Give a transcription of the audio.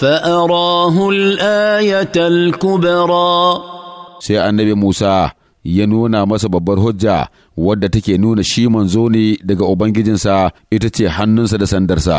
فأراه الآية الكبرى sai annabi Musa ya nuna masa babbar hujja wadda take nuna shi manzo ne daga Ubangijinsa ita ce hannunsa da sandarsa.